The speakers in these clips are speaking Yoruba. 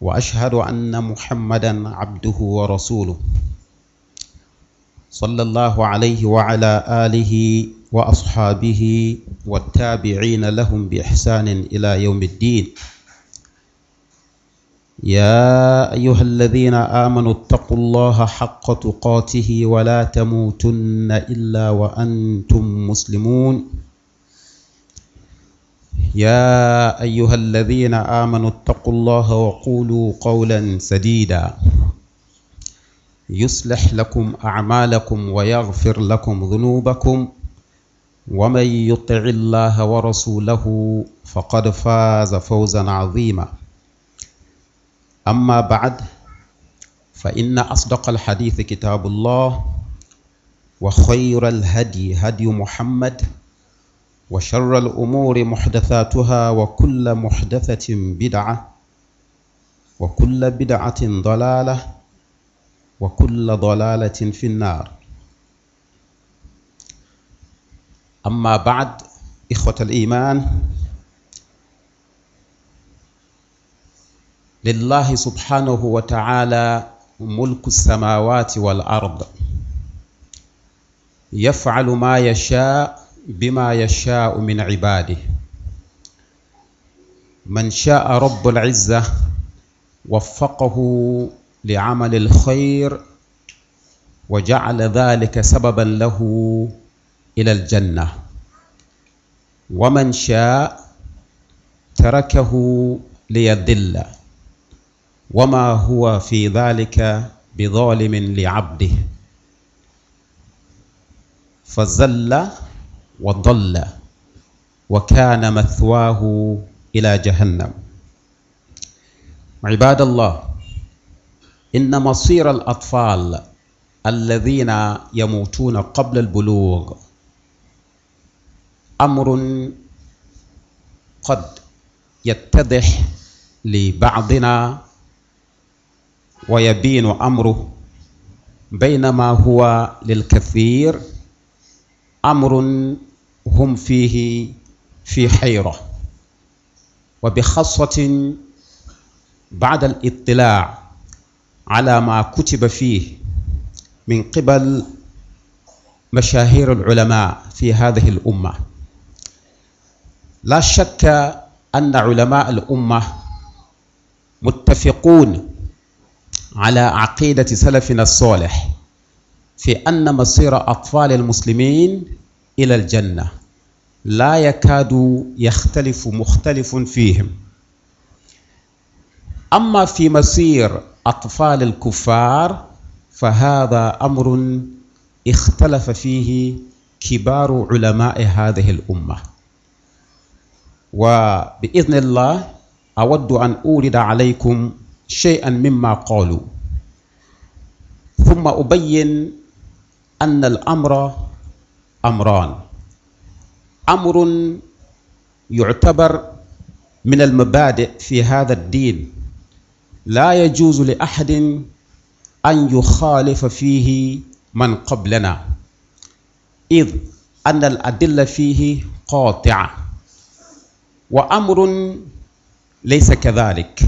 واشهد ان محمدا عبده ورسوله صلى الله عليه وعلى اله واصحابه والتابعين لهم باحسان الى يوم الدين يا ايها الذين امنوا اتقوا الله حق تقاته ولا تموتن الا وانتم مسلمون يا ايها الذين امنوا اتقوا الله وقولوا قولا سديدا يصلح لكم اعمالكم ويغفر لكم ذنوبكم ومن يطع الله ورسوله فقد فاز فوزا عظيما اما بعد فان اصدق الحديث كتاب الله وخير الهدي هدي محمد وشر الأمور محدثاتها وكل محدثة بدعة وكل بدعة ضلالة وكل ضلالة في النار أما بعد إخوة الإيمان لله سبحانه وتعالى ملك السماوات والأرض يفعل ما يشاء بما يشاء من عباده من شاء رب العزة وفقه لعمل الخير وجعل ذلك سببا له إلى الجنة ومن شاء تركه ليذل وما هو في ذلك بظالم لعبده فزل وضل وكان مثواه إلى جهنم عباد الله إن مصير الأطفال الذين يموتون قبل البلوغ أمر قد يتضح لبعضنا ويبين أمره بينما هو للكثير امر هم فيه في حيره وبخاصه بعد الاطلاع على ما كتب فيه من قبل مشاهير العلماء في هذه الامه لا شك ان علماء الامه متفقون على عقيده سلفنا الصالح في ان مصير اطفال المسلمين إلى الجنة لا يكاد يختلف مختلف فيهم أما في مصير أطفال الكفار فهذا أمر اختلف فيه كبار علماء هذه الأمة وبإذن الله أود أن أورد عليكم شيئا مما قالوا ثم أبين أن الأمر أمران أمر يعتبر من المبادئ في هذا الدين لا يجوز لأحد أن يخالف فيه من قبلنا إذ أن الأدلة فيه قاطعة وأمر ليس كذلك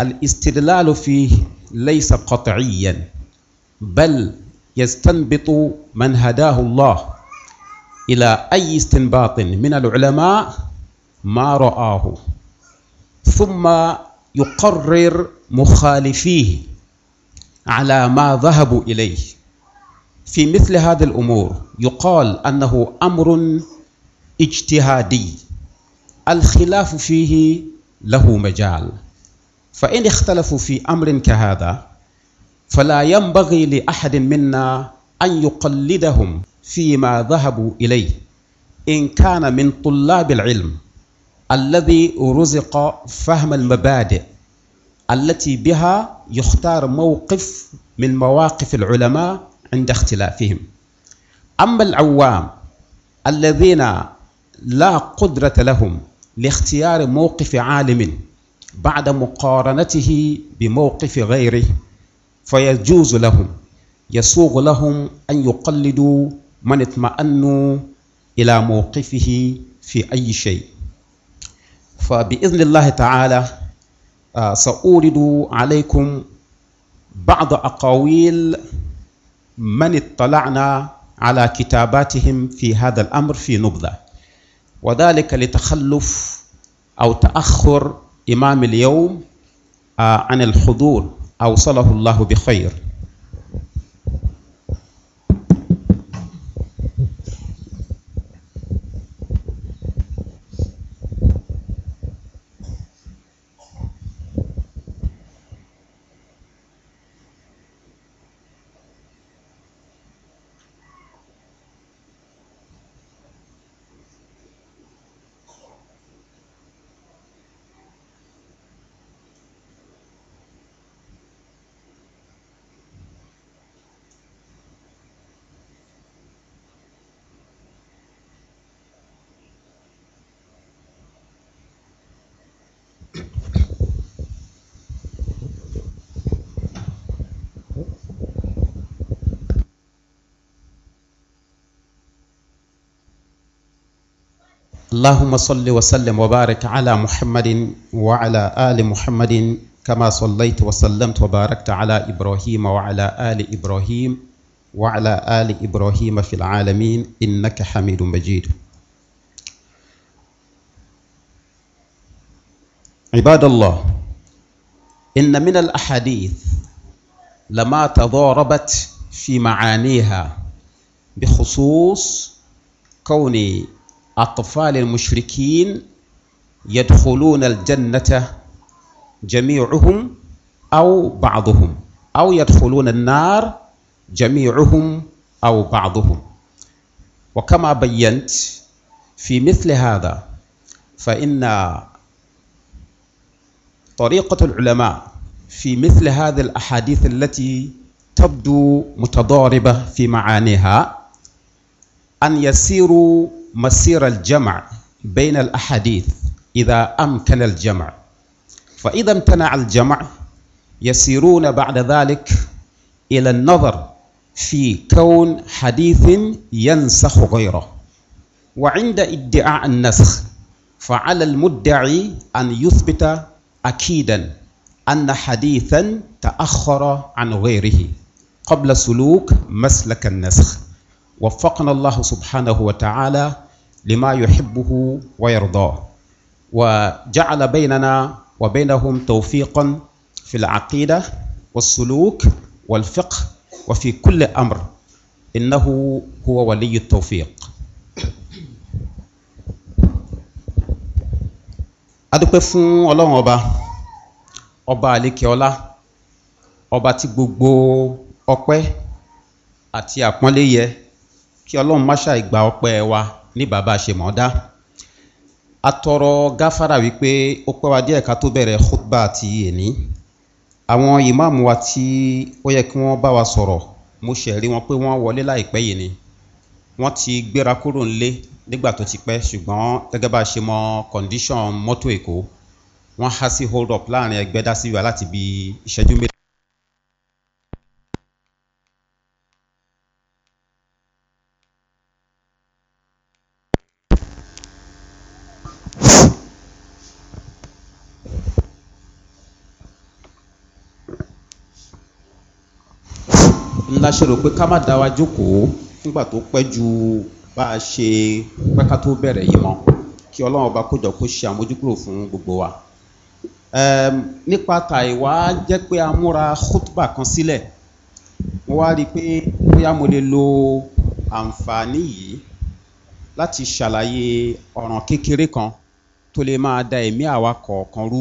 الاستدلال فيه ليس قطعيا بل يستنبط من هداه الله إلى أي استنباط من العلماء ما رآه ثم يقرر مخالفيه على ما ذهبوا إليه في مثل هذه الأمور يقال أنه أمر اجتهادي الخلاف فيه له مجال فإن اختلفوا في أمر كهذا فلا ينبغي لأحد منا أن يقلدهم فيما ذهبوا إليه إن كان من طلاب العلم الذي رزق فهم المبادئ التي بها يختار موقف من مواقف العلماء عند اختلافهم أما العوام الذين لا قدرة لهم لاختيار موقف عالم بعد مقارنته بموقف غيره فيجوز لهم يسوغ لهم أن يقلدوا من اطمأنوا إلى موقفه في أي شيء فبإذن الله تعالى آه، سأورد عليكم بعض أقاويل من اطلعنا على كتاباتهم في هذا الأمر في نبذة وذلك لتخلف أو تأخر إمام اليوم آه، عن الحضور أوصله الله بخير اللهم صل وسلم وبارك على محمد وعلى آل محمد كما صليت وسلمت وباركت على إبراهيم وعلى آل إبراهيم وعلى آل إبراهيم في العالمين إنك حميد مجيد عباد الله إن من الأحاديث لما تضاربت في معانيها بخصوص كون أطفال المشركين يدخلون الجنة جميعهم أو بعضهم أو يدخلون النار جميعهم أو بعضهم وكما بينت في مثل هذا فإن طريقة العلماء في مثل هذه الأحاديث التي تبدو متضاربة في معانيها أن يسيروا مسير الجمع بين الأحاديث إذا أمكن الجمع فإذا امتنع الجمع يسيرون بعد ذلك إلى النظر في كون حديث ينسخ غيره وعند ادعاء النسخ فعلى المدعي أن يثبت أكيدا أن حديثا تأخر عن غيره قبل سلوك مسلك النسخ وفقنا الله سبحانه وتعالى لما يحبه ويرضاه وجعل بيننا وبينهم توفيقا في العقيدة والسلوك والفقه وفي كل أمر إنه هو ولي التوفيق adúpẹ́ الله أبا أبا ọba àlékeọlá ọba tí gbogbo ọpẹ́ àti àpọ́nlé yẹ kí ọlọ́run má ṣàìgbà أكوي wa ní bàbá ṣe mọ̀ dá atọrọ gáfárà wípé ó pẹ́ wá díẹ̀ ká tó bẹ̀rẹ̀ khutba ti èní àwọn ìmáàmù wa tí ó yẹ kí wọ́n bá wa sọ̀rọ̀ mo ṣẹ̀rí wọn pé wọ́n wọlé láìpẹ́ yìí ni wọ́n ti gbéra kúrò ńlé nígbà tó ti pẹ́ ṣùgbọ́n gẹ́gẹ́ bá ṣe mọ condition mọ́tò èkó wọ́n há sí hold up láàrin ẹgbẹ́ dá sí wa láti bí ìṣẹ́jú méjì. ṣe rò pé ká má dá wa jókòó nígbà tó pẹ́ ju bá a ṣe pẹ́ká tó bẹ̀rẹ̀ yìí mọ́ kí ọlọ́run ọba kójọ kó ṣe àmójúkúrò fún gbogbo wa. nípa tàìwá jẹ́ pé a múra khutba kan sílẹ̀ mo wá rí i pé bóyá mo lè lo àǹfààní yìí láti ṣàlàyé ọ̀ràn kékeré kan tó lè máa da ẹ̀mí àwa kọ̀ọ̀kan rú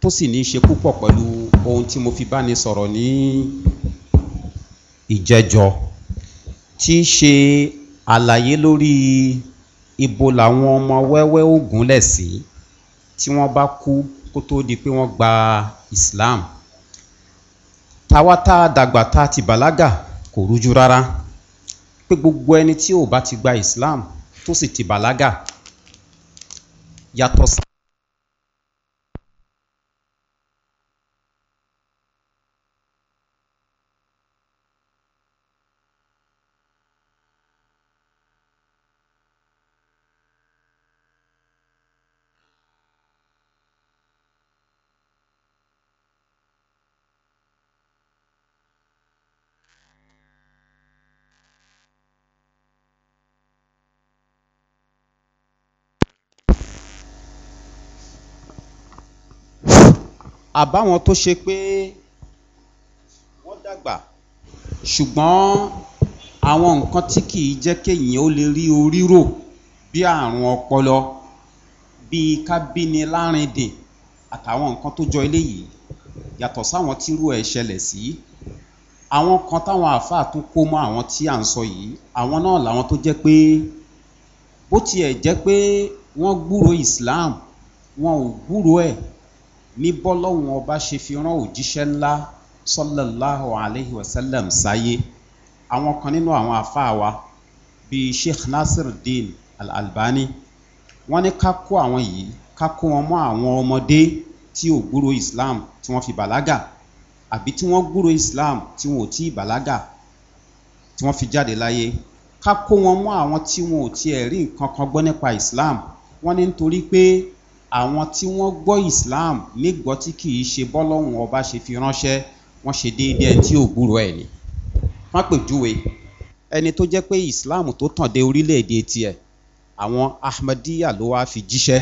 tó sì ní í ṣe púpọ̀ pẹ̀lú ohun tí mo fi bá ní sọ̀rọ̀ ní ìjẹjọ tí í ṣe àlàyé lórí ibo làwọn ọmọ wẹ́wẹ́ ó gúnlẹ̀ sí tí wọ́n bá kú kó tó di pé wọ́n gba islam tawata tá a dàgbà tá a ti bàlágà kò rújú rárá pé gbogbo ẹni tí ò bá ti gba islam tó sì ti bàlágà yàtọ̀ sí àbáwọn tó ṣe pé wọ́n dàgbà ṣùgbọ́n àwọn nǹkan tí kì í jẹ́ kéèyàn ó lè rí orí rò bí àrùn ọpọlọ bíi kábíni lárìndìn àtàwọn nǹkan tó jọ eléyìí yàtọ̀ sáwọn tírú ẹ̀ ṣẹlẹ̀ sí àwọn kan táwọn àáfàá tún kó mọ́ àwọn tí à ń sọ yìí àwọn náà làwọn tó jẹ́ pé bó tiẹ̀ jẹ́ pé wọ́n gbúrò islam wọn ò gbúrò ẹ̀ ní bọ́lọ́hùn ọba ṣe fi rán òjíṣẹ́ ńlá sọ́lọ́láhùn aláhi wasallam sáyé àwọn kan nínú àwọn àfáà wa bíi sheikh nasir din al-albani wọ́n ní ká kó àwọn yìí ká kó wọn mọ́ àwọn ọmọdé tí ò gbúrò islam tí wọ́n fi bàlágà àbí tí wọ́n gbúrò islam tí wọn ò tí bàlágà tí wọ́n fi jáde láyé ká kó wọn mọ́ àwọn tí wọn ò tiẹ̀ rí nǹkan kan gbọ́ nípa islam wọ́n ní nítorí pé àwọn tí wọ́n gbọ́ islam nígbọ́ tí kì í ṣe bọ́lọ́hún ọba ṣe fi ránṣẹ́ wọ́n ṣe déédéé ẹni tí ò gbúrò ẹ̀ ni wọ́n pèjúwe ẹni tó jẹ́ pé islam tó tàn dé orílẹ̀-èdè tiẹ̀ àwọn ahmadiyya ló wáá fi jíṣẹ́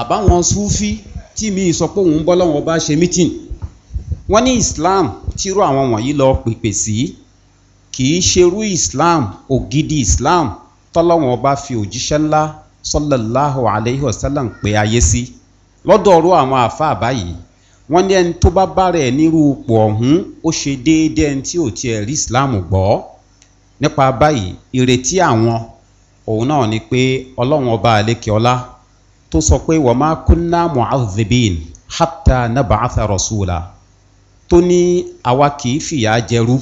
àbáwọn sufi tí mi sọ pé òun bọ́lọ́hún ọba ṣe mítìn wọ́n ní islam tírú àwọn wọ̀nyí lọ pèpè sí kì í ṣerú islam ògidì islam tọ́lọ́wọ́n ọba fi òjíṣẹ́ ńlá sọlọ́láhù aláìhí ọ̀sálà ń pè ayé sí lọ́dọ̀ ọ̀rọ̀ àwọn àáfàá báyìí wọ́n ní ẹni tó bá bára ẹ̀ nírú ipò ọ̀hún ó ṣe déédéé ẹni tí ò tiẹ̀ rí islam gbọ́ nípa báyìí ìrètí àwọn òun náà ni pé ọlọ́run ọba àlékè ọlá tó sọ pé wọ́n máa kún náà mu'adhibin hatta nabaatha rasula tó ní àwa kì í fìyà jẹrú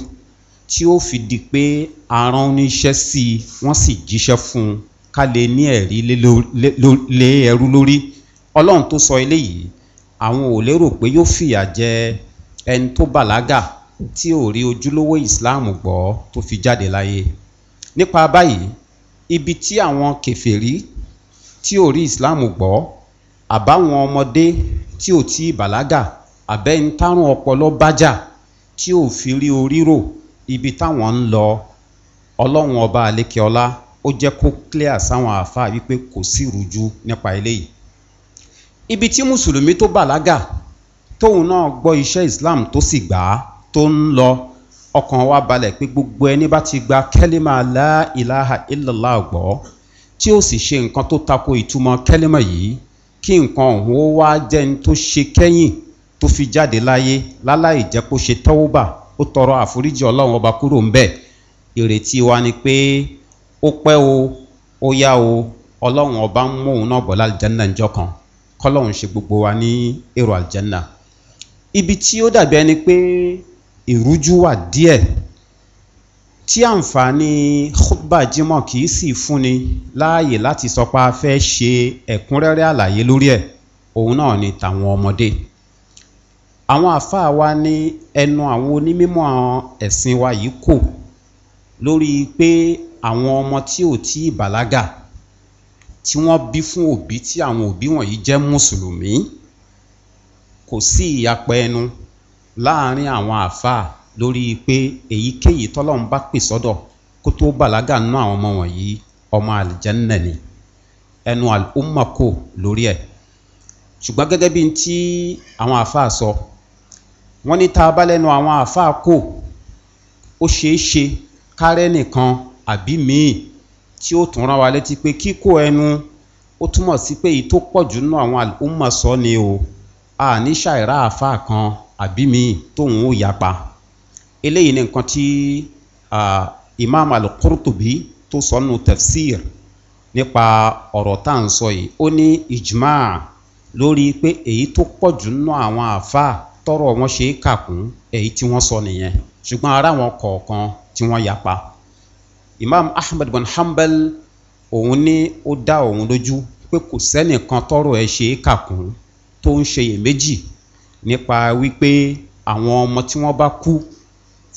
tí ó fi di pé aràn oníṣẹ́ sí i wọ́n sì jíṣẹ́ fún un ká lè ní ẹ̀rí lé ẹrú lórí ọlọ́run tó sọ eléyìí àwọn ò lérò pé yóò fìyà jẹ ẹni tó bàlágà tí ò rí ojúlówó ìsìláàmù gbọ́ tó fi jáde láyé nípa báyìí ibi tí àwọn kẹfẹ́rí tí ò rí ìsìláàmù gbọ́ àbáwọn ọmọdé tí ò tí bàlágà àbẹ́ni tárùn ọpọlọ bájà tí ò fi rí orí rò ibi táwọn ń lọ ọlọ́run ọba àlékeọlá ó jẹ́ kó clear sáwọn àáfàá wípé kò sí ìrújú nípa eléyìí ibi tí mùsùlùmí tó bàlágà tóun náà gbọ́ iṣẹ́ islam tó sì gbà á tó ń lọ ọkàn wa balẹ̀ pé gbogbo ẹni bá ti gba kẹ́límà láìláha ìlàlá gbọ́ tí ó sì ṣe nǹkan tó tako ìtumọ̀ kẹ́límà yìí kí nǹkan ọ̀hún ó wá jẹ́ ní tó ṣe kẹ́yìn tó fi jáde láyé láláì jẹ́ kó ṣe tọ́wọ́bà ó tọrọ àforíjì ọlọ́run ọba kúrò ń bẹ̀ ìrètí wa ni pé ó pẹ́ o ó yá o ọlọ́run ọba ń mú òun náà bọ̀ lálìjẹ́nà níjọ́ kan kọ́lọ́run ṣe gbogbo wa ní èrò àlìjẹ́nà ibi tí ó dàbí ẹni pé ìrújú wà díẹ̀ tí àǹfààní khutba jimoh kì í sì fúnni láàyè láti sọ pé a fẹ́ ṣe ẹ̀kúnrẹ́rẹ́ àlàyé lórí ẹ̀ òun náà ni tàwọn ọmọdé àwọn àfáà wa ní ẹnu àwọn onímọ̀ ẹ̀sìn wa yìí kò lórí pé àwọn ọmọ tí ò tí ì bàlágà tí wọ́n bí fún òbí tí àwọn òbí wọ̀nyí jẹ́ mùsùlùmí kò sí ìyapa ẹnu láàrin àwọn àáfàá lórí pé èyíkéyìí tọ́lọ́run bá pè sọ́dọ̀ kó tó bàlágà nú àwọn ọmọ wọ̀nyí ọmọ àlìjẹ́nà ni ẹnu àlùmọ̀ kò lórí ẹ̀ ṣùgbọ́n gẹ́gẹ́ bí ti àwọn àáfàá sọ wọ́n ní tá a àwọn àáfàá kò ó ṣeé ṣe kárẹ́ nìkan àbí míì tí ó tún rán wa létí pé kíkó ẹnu ó túmọ̀ sí pé èyí tó pọ̀ jù nínú àwọn àlùmọ̀ ni o a ní ṣàìrá àfa kan àbí míì tóun ó yapa eléyìí ni nǹkan tí imam al-qurtubi tó sọ nù tafsir nípa ọ̀rọ̀ tá à ń sọ yìí ó ní ijma lórí pé èyí tó pọ̀ jù nínú àwọn àfa tọrọ wọn ṣe é kàkún èyí tí wọ́n sọ nìyẹn ṣùgbọ́n ara wọn kọ̀ọ̀kan tí wọ́n yapa imam ahmed bin hanbal òun ní ó dá òun lójú pé kò sẹ́nìkan tọrọ ẹ ṣe é kàkún tó ń ṣe iyèméjì nípa wípé àwọn ọmọ tí wọ́n bá kú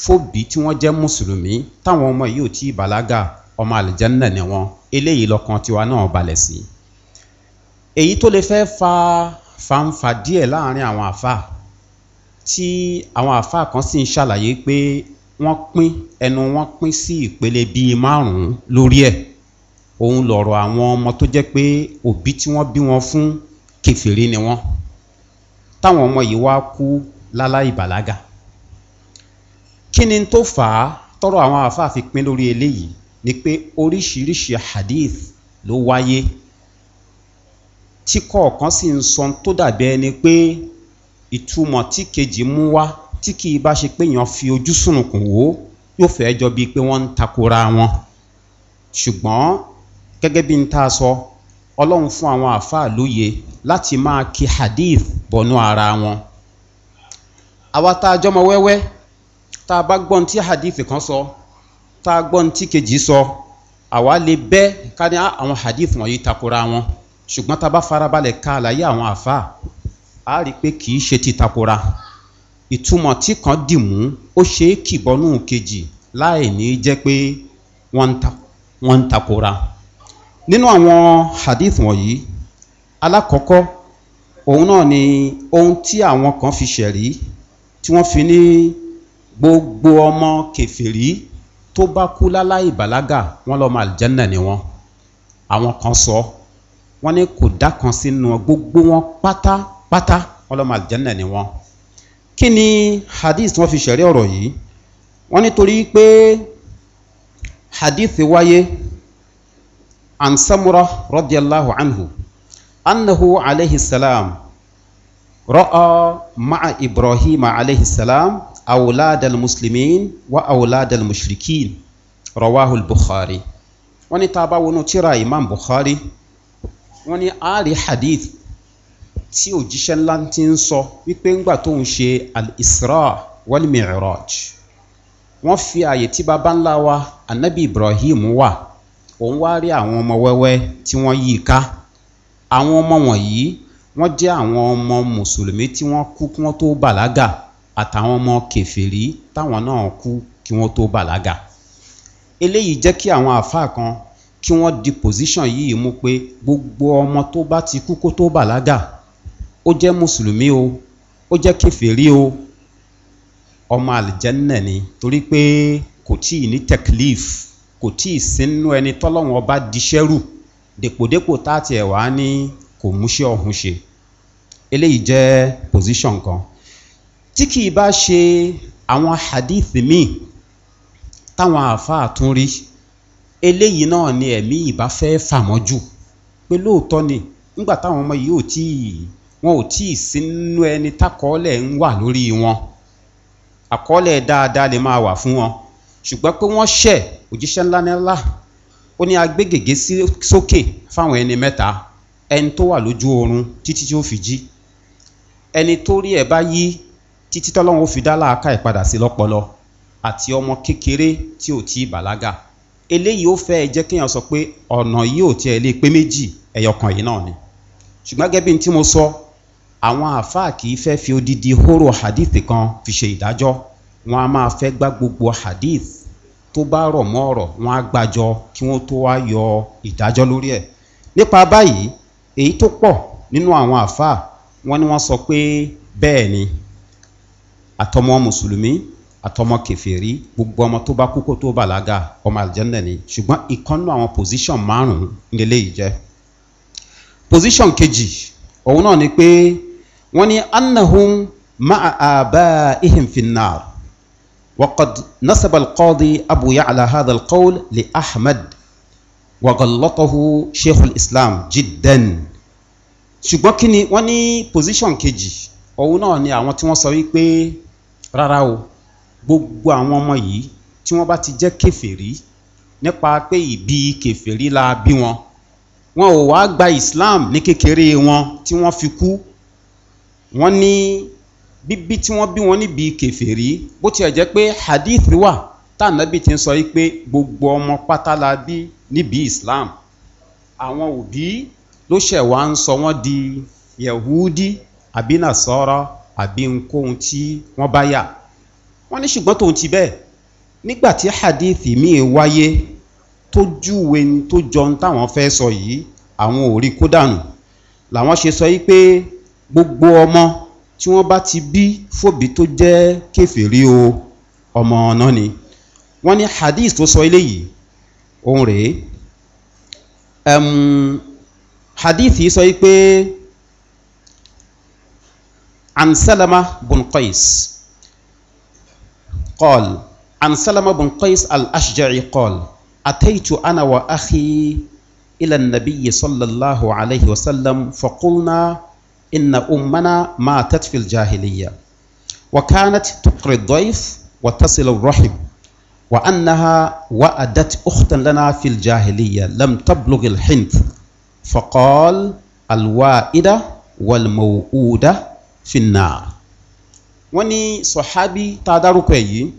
fóbi tí wọ́n jẹ́ mùsùlùmí táwọn ọmọ yìí ò tí ì bàlágà ọmọ àlìjánná ni wọn eléyìí lọ́kàn tiwa náà balẹ̀ sí. èyí tó lè fẹ́ fa fanfa díẹ̀ láàrin àwọn àfa tí àwọn àfa kan sì ń ṣàlàyé pé wọ́n pín ẹnu wọ́n pín sí ìpele bíi márùn-ún lórí ẹ̀ òun lọ̀rọ̀ àwọn ọmọ tó jẹ́ pé òbí tí wọ́n bí wọn fún kẹfìrí ni wọ́n táwọn ọmọ yìí wá kú láláì bàlágà kí ni tó fà á tọrọ àwọn àáfàá fi pín lórí eléyìí ni pé oríṣiríṣi hadith ló wáyé tí kọ̀ọ̀kan sì ń sọ tó dàbí ẹni pé ìtumọ̀ tí kejì mú wá tí kì í bá ṣe pé èèyàn fi ojú sùnùkùn wò ó yóò fẹ́ jọ bíi pé wọ́n ń takora wọn ṣùgbọ́n gẹ́gẹ́ bí n ta sọ ọlọ́run fún àwọn àáfàá lóye láti máa ki hadith bọ̀nú ara wọn àwa tá a jọmọ wẹ́wẹ́ tá a bá gbọ́n tí hadith kan sọ tá a gbọ́n tí kejì sọ àwa lè bẹ́ ká ní àwọn hadith wọ̀nyí takora wọn ṣùgbọ́n tá a bá farabalẹ̀ ka àlàyé àwọn àáfàá a rí i pé kì í ṣe ti takora ìtumọ̀ tí kan dì mú ó ṣe é kìbọnú kejì láì ní jẹ́ pé wọ́n ń takora nínú àwọn hadith wọ̀nyí alákọ̀ọ́kọ́ òun náà ni ohun tí àwọn kan fi ṣẹ̀rí tí wọ́n fi ní gbogbo ọmọ kẹfìrí tó bá kú láláì bàlágà wọ́n lọ́mọ àlìjẹ́nà ni wọ́n àwọn kan sọ wọ́n ní kò dá kan sínú gbogbo wọn pátápátá wọ́n lọ́mọ àlìjẹ́nà ni wọ́n kí ni hadith tí wọ́n fi ṣẹ̀rí ọ̀rọ̀ yìí wọ́n nítorí pé hadith wáyé an samura radiyallahu anhu annahu alayhi salam ra'a ma'a ibrahim alayhi salam awlad al-muslimin wa awlad al-mushrikin rawahu al-bukhari wọ́n ní tá wọnú tíra imam bukhari wọ́n ní a hadith tí òjíṣẹ́ ńlá ti ń sọ wípé ńgbà tóun ṣe al-isra wal-mi'raj wọ́n fi ààyè tí baba ńlá wa anabi ibrahim wà òun wá rí àwọn ọmọ wẹ́wẹ́ tí wọ́n yí i ká àwọn ọmọ wọ̀nyí wọ́n jẹ́ àwọn ọmọ mùsùlùmí tí wọ́n kú kí wọ́n tó bàlágà àtàwọn ọmọ kẹfìrí táwọn náà kú kí wọ́n tó bàlágà eléyìí jẹ́ kí àwọn àáfàá kan kí wọ́n di pòsíṣàn yìí mú pé gbogbo ọmọ tó bá ti kú kó tó bàlágà ó jẹ́ mùsùlùmí o ó jẹ́ kẹfìrí o ọmọ àlìjẹ́nà ni torí pé kò tí ì ní teclif kò tí ì sínú ẹni tọ́lọ́wọ́n ọba diṣẹ́rù dèpòdépò táàtì ẹ̀ wá ní kò múṣẹ́ ọ̀hún ṣe eléyìí jẹ́ position kan tí kì í bá ṣe àwọn hadith míì táwọn àáfàá tún rí eléyìí náà ni ẹ̀mí ìbá fẹ́ fàmọ́jù pé lóòótọ́ ni nígbà táwọn ọmọ yìí ò tí ì wọn ò tí ì sí nínú ẹni tákọọ́lẹ̀ ń wà lórí wọn àkọọ́lẹ̀ dáadáa lè máa wà fún wọn ṣùgbọ́n pé wọ́n ṣẹ̀ òjíṣẹ́ ńlá ńlá ó ní agbégègé sókè fáwọn ẹni mẹ́ta ẹni tó wà lójú oorun títí tí ó fi jí ẹni tó rí ẹ̀ bá yí títí tọ́lọ́run ó fi dá láàká ìpadà sí lọ́pọlọ àti ọmọ kékeré tí ò tí ì bàlágà eléyìí ó fẹ́ ẹ jẹ́ kéèyàn sọ pé ọ̀nà yìí ò tiẹ̀ lè pé méjì ẹ̀yọkàn yìí náà ni ṣùgbọ́n gẹ́gẹ́ bí n tí mo sọ àwọn àáfàá kì í fẹ́ fi odidi hóró hadith kan fi ṣe ìdájọ́ wọn a máa fẹ́ gbá gbogbo hadith tó bá rọ̀ mọ́ ọ̀rọ̀ wọn á gbàjọ kí wọ́n tó wá yọ ìdájọ́ lórí ẹ̀ nípa báyìí èyí tó pọ̀ nínú àwọn àáfàá wọn ni wọ́n sọ pé bẹ́ẹ̀ ni àtọmọ mùsùlùmí àtọmọ kẹfìrí gbogbo ọmọ tó bá kú kó tó bàlágà ọmọ àlùjẹ́ndẹ̀ ni ṣùgbọ́n ìkànnù àwọn pòsíṣàn márùn-ún nílé yìí jẹ́ pòsíṣàn kejì òun náà ni pé wọ́n ní annahum ma'a abaihim finnar وقد نسب القاضي أبو يعلى هذا القول لأحمد وغلطه شيخ الإسلام جدا ṣùgbọ́n kí ni wọ́n ní position kejì òun náà ni àwọn tí wọ́n sọ wípé rárá o gbogbo àwọn ọmọ yìí tí wọ́n bá ti jẹ́ kẹfẹ́rí nípa pé ìbí kẹfẹ́rí la bí wọn wọn ò wá gba islam ní kékeré wọn tí wọ́n fi kú wọ́n ní bíbí tí wọ́n bí wọn níbi kẹfẹ́rí bó tiẹ̀ jẹ́ pé hadith wà tànàbì ti ń sọ pé gbogbo ọmọ pátá la bí níbi islam àwọn òbí ló ṣẹ̀ wá ń sọ wọ́n di yahudi àbí nasọ́rọ́ àbí nkóhun tí wọ́n bá yà wọ́n ní ṣùgbọ́n tóun ti bẹ́ẹ̀ nígbà tí hadith míì wáyé tó júwe tó jọ ohun táwọn fẹ́ sọ yìí àwọn ò rí kó dànù làwọn ṣe sọ yìí pé gbogbo ọmọ tí wọ́n bá ti bí fòbí tó jẹ́ kẹfìrí o ọmọ ọ̀nà ni wọ́n ní hadith tó sọ eléyìí òun rèé um, hadith yìí sọ pé an salama bun qais qol an salama bun qais al-ashja'i qol ataitu ana wa akhi ila nabiyyi sallallahu alayhi wa sallam faqulna inna ummana matat fil jahiliya wa kanat tuqri dhaif wa tasilu rahim wa annaha wa'adat ukhtan lana fil jahiliya lam tablugh al hind faqal al wa'ida wal maw'uda fi an-nar wọ́n ní sahabi tá dárúkọ yìí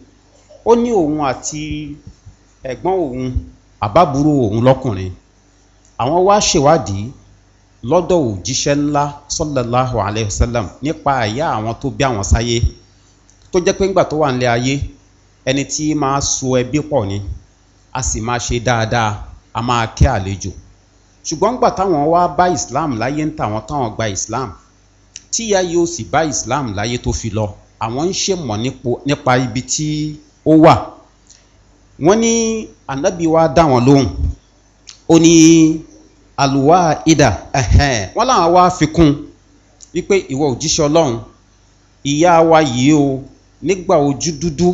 ó ní òun àti ẹ̀gbọ́n òun àbábúrò òun lọ́kùnrin àwọn wá ṣèwádìí lọ́dọ̀ òjíṣẹ́ ńlá sọ́lẹ̀láhu aleyhisselam nípa àyà àwọn tó bí àwọn sáyé tó jẹ́ pé ńgbà tó wà nílé ayé ẹni tí máa so ẹbí pọ̀ ni a sì máa ṣe dáadáa a máa kẹ́ àlejò ṣùgbọ́n ńgbà táwọn wá bá islam láyé ń tàwọn táwọn gba islam tíya yóò sì bá islam láyé tó fi lọ àwọn ń ṣèmọ̀ nípa ibi tí ó wà wọ́n ní ànábì dá wọn lóhùn ó ní àlùwá ìdà wọ́n láwọn wá fi kún wípé ìwọ òjíṣẹ́ ọlọ́run ìyá wa yìí o nígbà ojú dúdú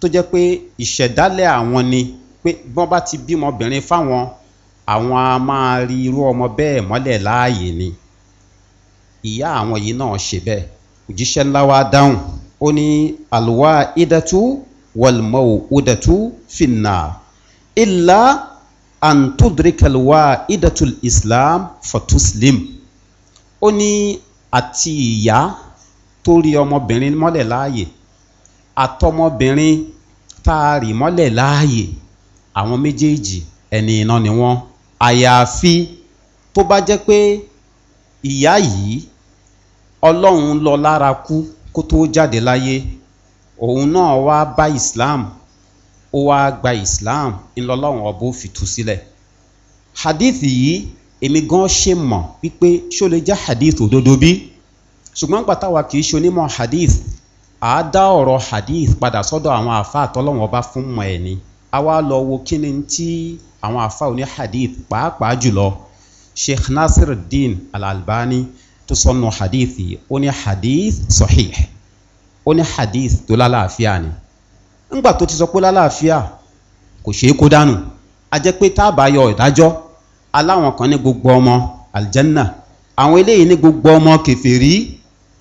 tó jẹ́ pé ìṣẹ̀dálẹ̀ àwọn ni pé bọ́n bá ti bímọ obìnrin fáwọn àwọn a máa rí irú ọmọ bẹ́ẹ̀ mọ́lẹ̀ láàyè ni ìyá àwọn yìí náà ṣe bẹ́ẹ̀ òjíṣẹ́ ńlá wa dáhùn ó ní àlùwá ìdàtú wọlmọ́ òdàtú fìnnà ìlà an tudrikal idatul islam fatuslim ó ní àti ìyá tó rí ọmọbìnrin mọ́lẹ̀ láàyè àtọmọbìnrin tá a rì mọ́lẹ̀ láàyè àwọn méjèèjì ẹni iná ni wọ́n àyàfi tó bá jẹ́ pé ìyá yìí ọlọ́run lọ lára kú kó tó jáde láyé òun náà wá bá islam ó wá gba islam ńlọlọ́run ọba ó fi tú sílẹ̀ hadith yìí èmi gan ṣe mọ̀ wípé ṣó lè jẹ́ hadith òdodo bí ṣùgbọ́n pàtàwà kì í ṣe onímọ̀ hadith à á dá ọ̀rọ̀ hadith padà sọ́dọ̀ àwọn àfa àtọ́lọ́wọ́n ọba fún mọ̀ ẹ̀ ni a wá lọ wo kí ni tí àwọn àfa òní hadith pàápàá jùlọ sheikh nasir din alalbani tó sọnù hadith yìí ó ní hadith sọ̀hí ó ní hadith tó lálàáfíà ni ńgbà tó ti sọ pé lálàáfíà kò ṣeé kó dànù a jẹ́ pé tá a bá yọ ìdájọ́ aláwọn kan ní gbogbo ọmọ aljanna àwọn eléyìí ní gbogbo ọmọ kẹfẹ́rí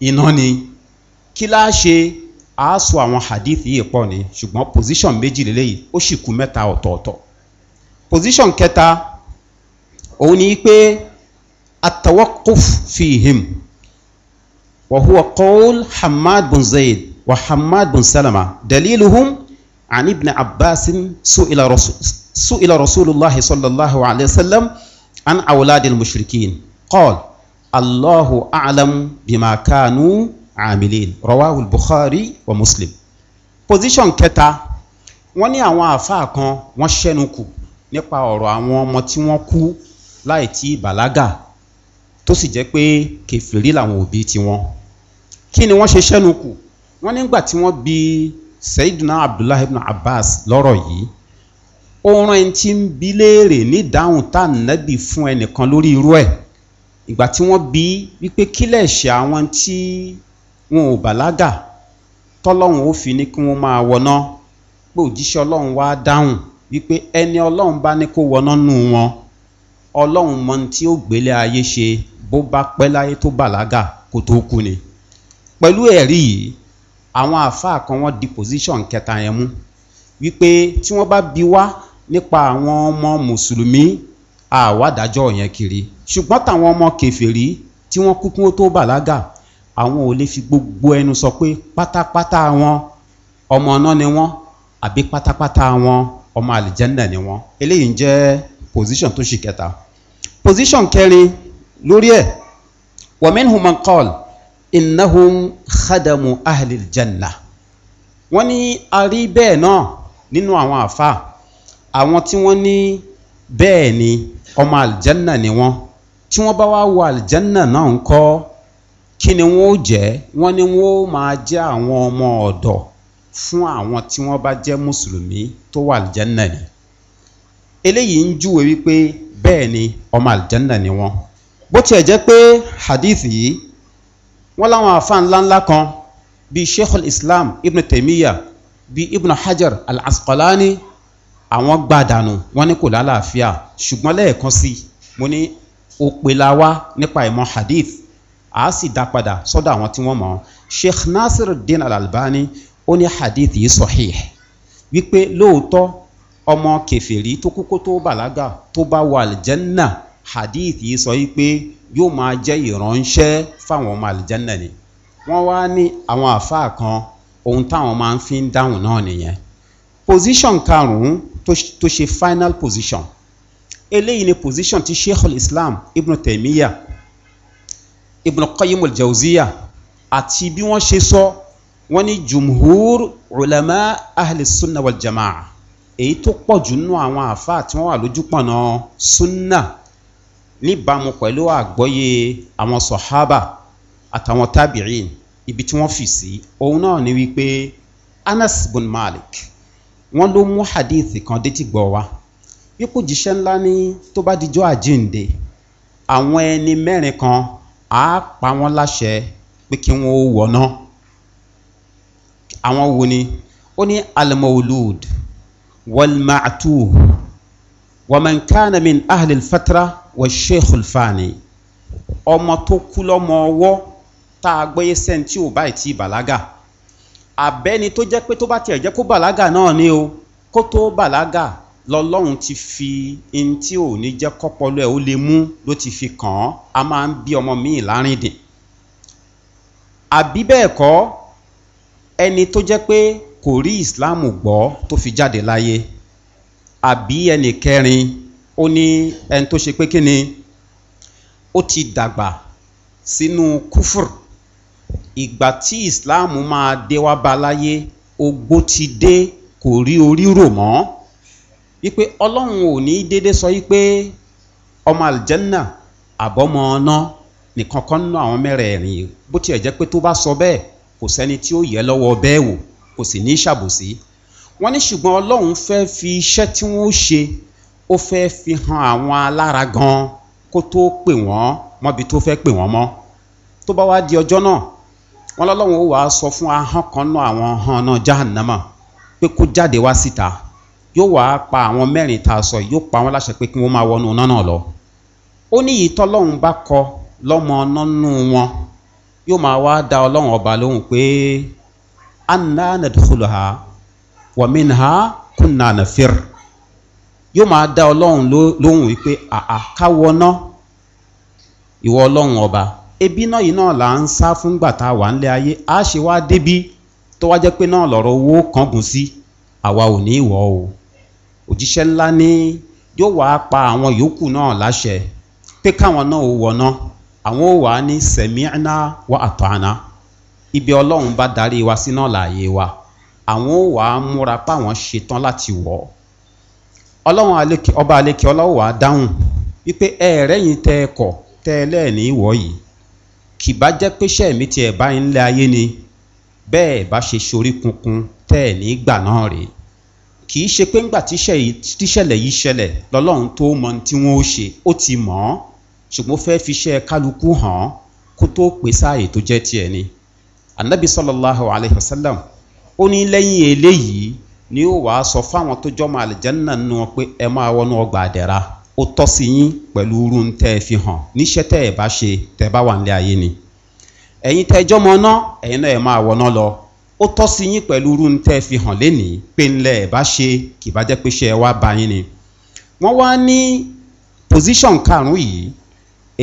iná ni kí láá ṣe àásọ àwọn hadith yìí pọ̀ ni ṣùgbọ́n position méjì lélẹ́yìí ó sì kú mẹ́ta ọ̀tọ̀ọ̀tọ̀ position kẹta òun ni pé atawakuf fihim wàhùwà kọ́ọ́l hamad bin zayd وحماد بن سلمة دليلهم عن ابن عباس سئل رسول, سئل رسول الله صلى الله عليه وسلم عن أولاد المشركين قال الله أعلم بما كانوا عاملين رواه البخاري ومسلم position كتا wọ́n ní àwọn àáfàá kan wọ́n ṣẹ́nu kù nípa ọ̀rọ̀ àwọn ọmọ tí wọ́n kú láì tí bàlágà tó sì wọ́n nígbà tí wọ́n bi sayidina abdullahi ibn abbas lọ́rọ̀ yìí oorun ẹni tí ń bi léèrè nídáhùn tá nàbì fún ẹnìkan lórí irú ẹ̀ ìgbà tí wọ́n bi wípé kílẹ̀ ṣe àwọn tí wọn ò bàlágà tọ́lọ́hún ó fi ní kí wọ́n máa wọná pé òjíṣẹ́ ọlọ́run wá dáhùn wípé ẹni ọlọ́run bá ní kó wọná nù wọn ọlọ́run mọ ní tí ó gbélé ayé ṣe bó bá pẹ́ láyé tó bàlágà kó tó kú ni pẹ̀lú ẹ̀rí yìí àwọn àáfàá kan wọ́n di position kẹta yẹn mú wípé tí wọ́n bá bi wá nípa àwọn ọmọ mùsùlùmí àwàdájọ́ yẹn kiri ṣùgbọ́n táwọn ọmọ kẹfìrí tí wọ́n kú kí wọ́n tó bàlágà àwọn ò lè fi gbogbo ẹnu sọ pé pátápátá wọn ọmọ náà ni wọn àbí pátápátá wọn ọmọ àlìjẹ́ndà ni wọn eléyìí ń jẹ́ position tó ṣì kẹta position kẹrin lórí ẹ̀ wọ́n mẹ́nu human call innahum khadamu ahlil janna wọ́n ní a rí bẹ́ẹ̀ náà nínú àwọn àfa àwọn tí wọ́n ní bẹ́ẹ̀ ni ọmọ aljanna ni wọ́n tí wọ́n bá wá wọ aljanna náà ń kọ́ kí ni wọ́n ó jẹ́ wọ́n ní wọ́n ó máa jẹ́ àwọn ọmọ ọ̀dọ̀ fún àwọn tí wọ́n bá jẹ́ mùsùlùmí tó wà aljanna ni eléyìí ń júwe wípé bẹ́ẹ̀ ni ọmọ aljanna ni wọ́n bó tiẹ̀ jẹ́ pé hadith yìí wọ́n láwọn àfa ńláńlá kan bíi sheikh islam ibn taymiya bíi ibn hajar al-asqalani àwọn gbàdánù wọn ní kò lálàáfíà ṣùgbọ́n lẹ́ẹ̀kan sí mo ní òpèlàwá nípa ìmọ̀ hadith a sì dá padà sọ́dọ̀ àwọn tí wọ́n mọ̀ sheikh nasir din al-albani ó ní hadith yìí sọ̀hí wípé lóòótọ́ ọmọ kẹfẹ́rí tó kókó tó bàlágà tó bá wà àlìjẹ́nà hadith yìí sọ wípé yóò máa jẹ́ ìránṣẹ́ fáwọn ọmọ àlìjẹ́nà ni wọ́n wá ní àwọn àfáà kan ohun táwọn máa ń fi ń dáhùn náà nìyẹn position karùn-ún tó ṣe final position eléyìí ni position ti sheikh islam ibn taymiya ibn qayyim al-jawziya àti bí wọ́n ṣe sọ wọ́n ní jumhur ulama ahli sunna wal jamaa èyí tó pọ̀ jù nínú àwọn àfáà tí wọ́n wà lójú pọ̀nà sunna níbàámu pẹ̀lú àgbọ́yé àwọn sọ̀hábà àtàwọn tábìrín ibi tí wọ́n fì sí òun náà ni wípé anas bin malik wọ́n ló mú hadith kan détí gbọ́ wa wípé jíṣẹ́ ńlá ní tó bá dijọ́ àjíǹde àwọn ẹni mẹ́rin kan á pa wọ́n láṣẹ pé kí wọ́n ó wọ̀nà àwọn wo ni ó ní almolud walmatu. ومن كان من أهل الفترة والشيخ الفاني ọmọ tó kú lọ́mọ ọwọ́ tá a gbọ́yé sẹ́ni tí ò báyìí tí bàlágà àbẹ́ni tó jẹ́ pé tó bá tiẹ̀ jẹ́ kó bàlágà náà ni o kó tó bàlágà lọ́lọ́run ti fi in tí ò ní jẹ́ kọ́pọlọ ẹ̀ ó lè mú ló ti fi kàn án a máa ń bí ọmọ míì lárìndìn àbí bẹ́ẹ̀ kọ́ ẹni tó jẹ́ pé kò rí ìsìláàmù gbọ́ tó fi jáde láyé àbí ẹnì kẹrin ó ní ẹni tó ṣe pé kí ni ó ti dàgbà sínú kúfùr ìgbà tí islam máa dé wá ba láyé ogbó ti dé kò rí orí rò mọ́ wípé ọlọ́run ò ní déédéé sọ wípé ọmọ aljanna àbọ̀mọ ọ̀nà nìkan kan nú àwọn mẹ́rẹ̀ẹ̀rin bó tiẹ̀ jẹ́ pé tó bá sọ bẹ́ẹ̀ kò sẹ́ni tí ó yẹ lọ́wọ́ bẹ́ẹ̀ wò kò sì ní ṣàbòsí wọ́n ní ṣùgbọ́n ọlọ́run fẹ́ fi iṣẹ́ tí wọ́n ṣe ó fẹ́ fi han àwọn alára gan kó tó pè wọ́n mọ́bi tó fẹ́ pè wọ́n mọ́ tó bá wá di ọjọ́ náà wọ́n lọ́lọ́run ó wàá sọ fún ahọ́n kan náà àwọn ahọ́n náà jahannama pé kó jáde wá síta yóò wàá pa àwọn mẹ́rin tá a sọ yóò pa wọ́n láṣẹ pé kí wọ́n máa wọnú iná náà lọ ó ní yìí tọ́lọ́run bá kọ lọ́mọ nánú wọn yóò máa wá da ọlọ́run ọba lóhùn pé anna nadkhulaha wàmínà kùnà nàfẹ́r yóò máa da ọlọ́run lóhùn wípé àà káwọná ìwọ ọlọ́run ọba ebi náà yìí náà là ń sá fúngbà tá a wà nílé ayé a ṣe wá débi tó wá jẹ́ pé náà owó sí àwa ò ní o òjíṣẹ́ ńlá ní yóò pa àwọn yòókù náà láṣẹ pé káwọn náà ò wọ̀ náà àwọn ò wá ní wà ibi ọlọ́run bá darí wa sí náà láàyè wa. àwọn ò wá múra páwọn ṣetán láti wọ̀ ọ́ ọlọ́run alékè ọba alékè ọlọ́run wàá dáhùn wípé ẹ rẹ́yìn tẹ ẹ kọ̀ tẹ ẹ lẹ́ẹ̀ní ìwọ̀ yìí kì bá jẹ́ pé sẹ́ẹ̀mí ti ẹ̀ bá ń lé ayé ni bẹ́ẹ̀ bá ṣe sorí kunkun tẹ́ ẹ̀ ní gbà náà rèé kì í ṣe pé ńgbà tíṣẹ̀lẹ̀ yìí ṣẹlẹ̀ lọ́lọ́run tó mọ tí wọ́n ó ṣe ó ti mọ̀ ọ́ ṣùgbọ́n fẹ́ fi ṣe kálukú hàn án kó tó pèsè ààyè tó jẹ́ tiẹ̀ ni anabi sallallahu alayhi wa sallam ó ní lẹ́yìn eléyìí ni ó wàá sọ fáwọn tó jọ́ máa àlìjánná nù wọn pé ẹ máa wọnú ọgbà àdẹ̀ra ó tọ́ sí yín pẹ̀lú irun tẹ́ ẹ fi hàn níṣẹ́ tẹ́ ẹ bá ṣe tẹ́ ẹ bá wà nílé ayé ni ẹ̀yin tẹ́ ẹ jọ́mọ náà ẹ̀yin náà ẹ máa wọná lọ ó tọ́ sí yín pẹ̀lú irun tẹ́ ẹ fi hàn lénìí pé ńlẹ̀ ẹ bá ṣe kì bá jẹ́ pé ṣe ẹ wá ba yín ni wọ́n wá ní pòsíṣọ̀n karùn-ún yìí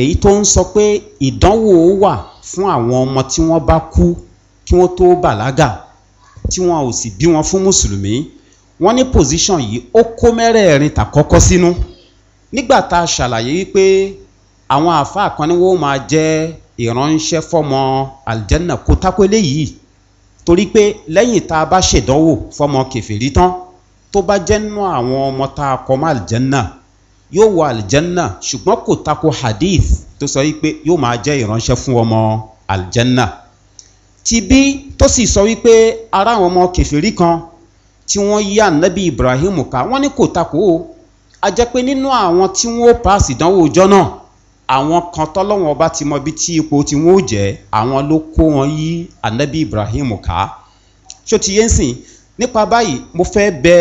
èyí tó ń sọ pé ìdánwò wà fún àwọn ọmọ tí wọ́n bá kú kí wọ́n tó bàlágà tí wọn ò sì bí wọn fún mùsùlùmí wọn ní pòsíṣàn yìí ó kó mẹ́rẹ̀ẹ̀rin tàkọ́kọ́ sínú nígbà tá a ṣàlàyé wípé àwọn àáfàá kan ni wọn ó máa jẹ́ ìránṣẹ́ fọmọ àlìjẹ́nà kó tako eléyìí torí pé lẹ́yìn tá a bá ṣèdánwò fọmọ kẹfìrí tán tó bá jẹ́ nínú àwọn ọmọ tá a kọ́ mọ́ àlìjẹ́nà yóò wọ àlìjẹ́nà ṣùgbọ́n kò tako hadith tó sọ wípé yóò máa jẹ́ ìránṣẹ́ fún ọmọ àlìjẹ́nà ti bí tó sì sọ wípé ara àwọn ọmọ kẹfìrí kan tí wọ́n yí ànábì ibrahim ká wọ́n ní kò takò ó a jẹ́ pé nínú àwọn tí wọ́n ó paasi ìdánwò ọjọ́ náà àwọn kan tọ́lọ́wọ́n ọba ti mọ ibi tí ipò tí wọ́n ó jẹ́ àwọn ló kó wọn yí ànábì ibrahim ká ṣó ti yé ń sìn nípa báyìí mo fẹ́ bẹ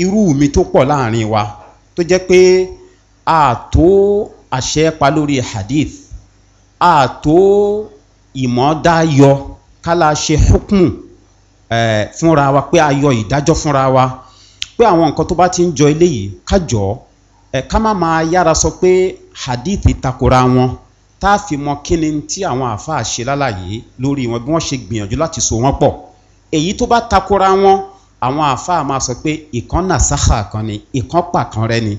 irú mi tó pọ̀ láàrin wa tó jẹ́ pé ààtò àṣẹ pa lórí hadith ààtò ìmọ̀ọ́dáyọ kálá ṣe hukumu fúnra wa pé a yọ ìdájọ́ fúnra wa pé àwọn nǹkan tó bá ti ń jọ eléyìí kájọ ká má máa yára sọ pé hadithi takora wọn tá a fi mọ kíni tí àwọn àáfàá ṣe lálàyé lórí wọn bí wọ́n ṣe gbìyànjú láti so wọ́n pọ̀ èyí tó bá takora wọn àwọn àáfàá máa sọ pé ìkan nàṣàkà kan ni ìkan pàkan rẹ ni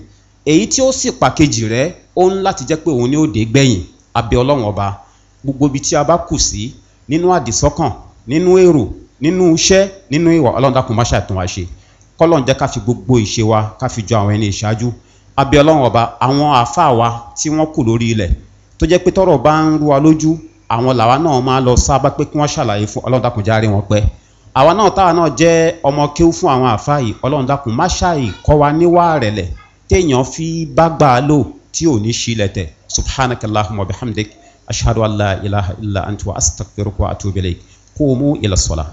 èyí tí ó sì pàkejì rẹ ó ń láti jẹ́ pé òun ni ó dé gbẹ̀yìn abẹ́ ọlọ́run ọba gbogbo ibi tí a bá kù sí nínú àdìsọ́kàn nínú èrò nínú iṣẹ́ nínú ìwà ọlọ́run dákun má ṣàtún wa ṣe kọ́lọ́n jẹ́ ká fi gbogbo ìṣe wa ká fi jọ àwọn ẹni ìṣáájú abẹ́ ọlọ́run ọba àwọn àáfàá wa tí wọ́n kù lórí ilẹ̀ tó jẹ́ pé tọ́rọ̀ bá ń rú wa lójú àwọn làwa náà máa lọ sábà pé kí wọ́n ṣàlàyé fún ọlọ́run dákun járe wọn pẹ́ àwa náà táwa náà jẹ́ ọmọ kéwú fún àwọn àáfàá yìí ọlọ́run dákun má ṣàì kọ́ wa níwá rẹ̀lẹ̀ téèyàn fi bá gbà á lò tí ò ní ṣílẹ̀ tẹ̀ subhanakallahumma bihamdik أشهد أن لا إله إلا أنت وأستغفرك وأتوب إليك قوموا إلى الصلاة